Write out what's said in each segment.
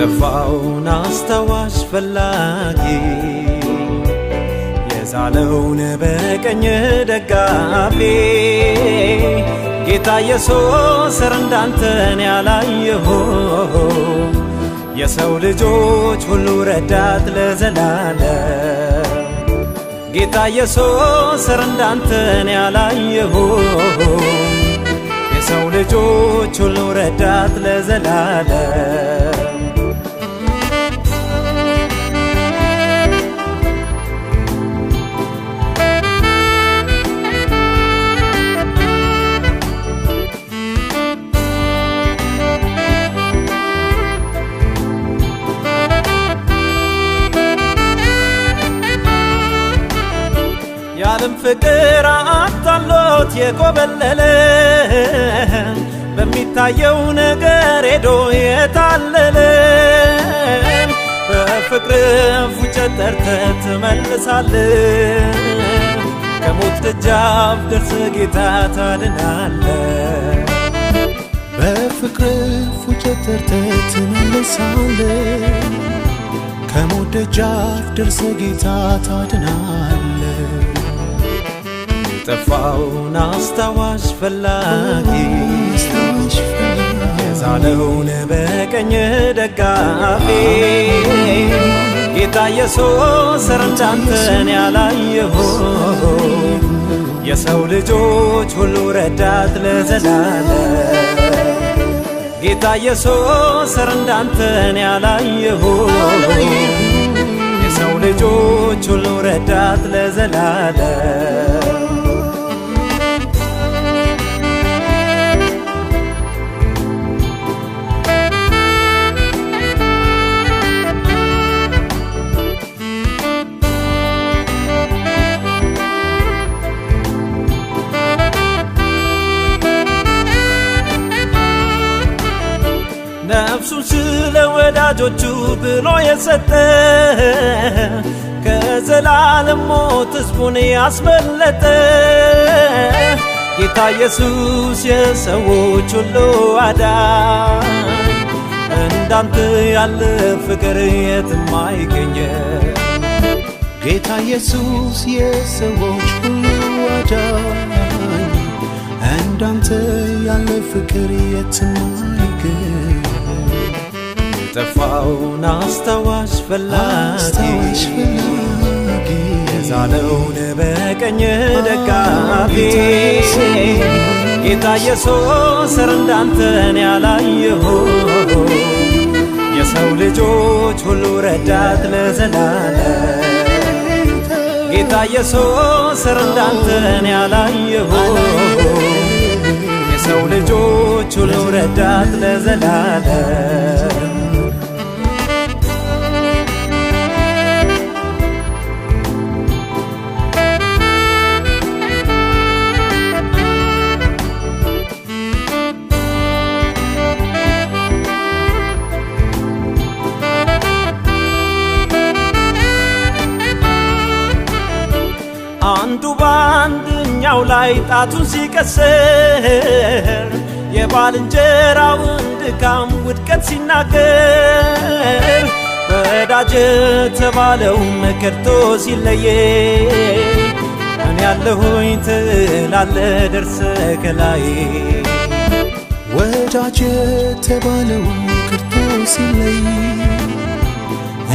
የጠፋውን አስታዋሽ ፈላጊ የዛለውን በቀኝ ደጋፊ ጌታ ኢየሱስ እንዳንተን ያላየሁ የሰው ልጆች ሁሉ ረዳት ለዘላለ ጌታ ኢየሱስ እንዳንተን ያላየሁ የሰው ልጆች ሁሉ ረዳት ለዘላለም የዓለም ፍቅር አታሎት የኮበለለ በሚታየው ነገር ሄዶ የታለለ በፍቅር ፉጨት ጠርተ ትመልሳለህ። ከሞት ደጃፍ ደርስ ጌታ ታድናለ በፍቅር ፉጨት ጠርተ ትመልሳለ ከሞት ደጃፍ ደርስ ጌታ ታድናለህ። የጠፋውን አስታዋሽ ፈላጊ የዛለውን በቀኝ ደጋፊ ጌታ ኢየሱስ ርምጃ ያላየሁ የሰው ልጆች ሁሉ ረዳት ለዘላለም ጌታ ኢየሱስ እንዳንተን ያላየሁ የሰው ልጆች ሁሉ ረዳት ለዘላለም ነፍሱን ስለ ወዳጆቹ ብሎ የሰጠ ከዘላለም ሞት ሕዝቡን ያስመለጠ ጌታ ኢየሱስ የሰዎች ሁሉ አዳን እንዳንተ ያለ ፍቅር የትም አይገኘ ጌታ ኢየሱስ የሰዎች ሁሉ አዳን እንዳንተ ያለ ፍቅር የትም የጠፋውን አስታዋሽ ፈላጊ የዛለውን በቀኝ ደጋፊ ጌታ ኢየሱስ እንዳንተን ያላየሁ የሰው ልጆች ሁሉ ረዳት ለዘላለም ጌታ ኢየሱስ እንዳንተን ያላየሁ የሰው ልጆች ሁሉ ረዳት ለዘላለም በላይኛው ላይ ጣቱን ሲቀስር የባልንጀራውን ድካም ውድቀት ሲናገር በዳጀ ተባለው መከርቶ ሲለየ እኔ ያለሁኝ ትላለ ደርሰ ከላይ ወዳጅ ተባለው መከርቶ ሲለይ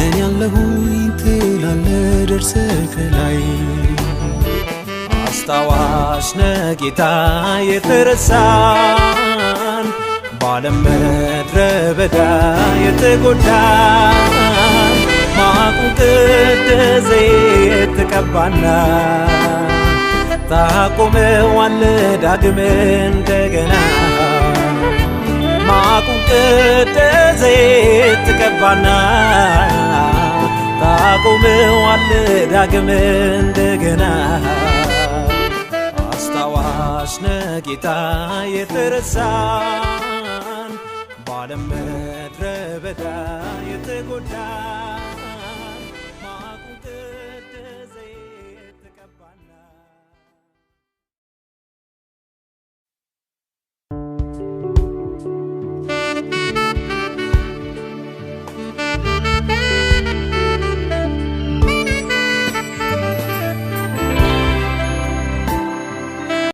እኔ ያለሁኝ ትላለ ደርሰ ከላይ አስታዋሽ ነጌታ የተረሳን በዓለም ምድረ በዳ የተጎዳን ማቁ ቅደዘ የተቀባና ታቆመ ታቆመዋል ዳግም እንደገና ማቁ ቅደዘ የተቀባና ታቆመ ታቆመዋል ዳግም እንደገና በጌታ የተረሳን በዓለም በዳ የተጎዳ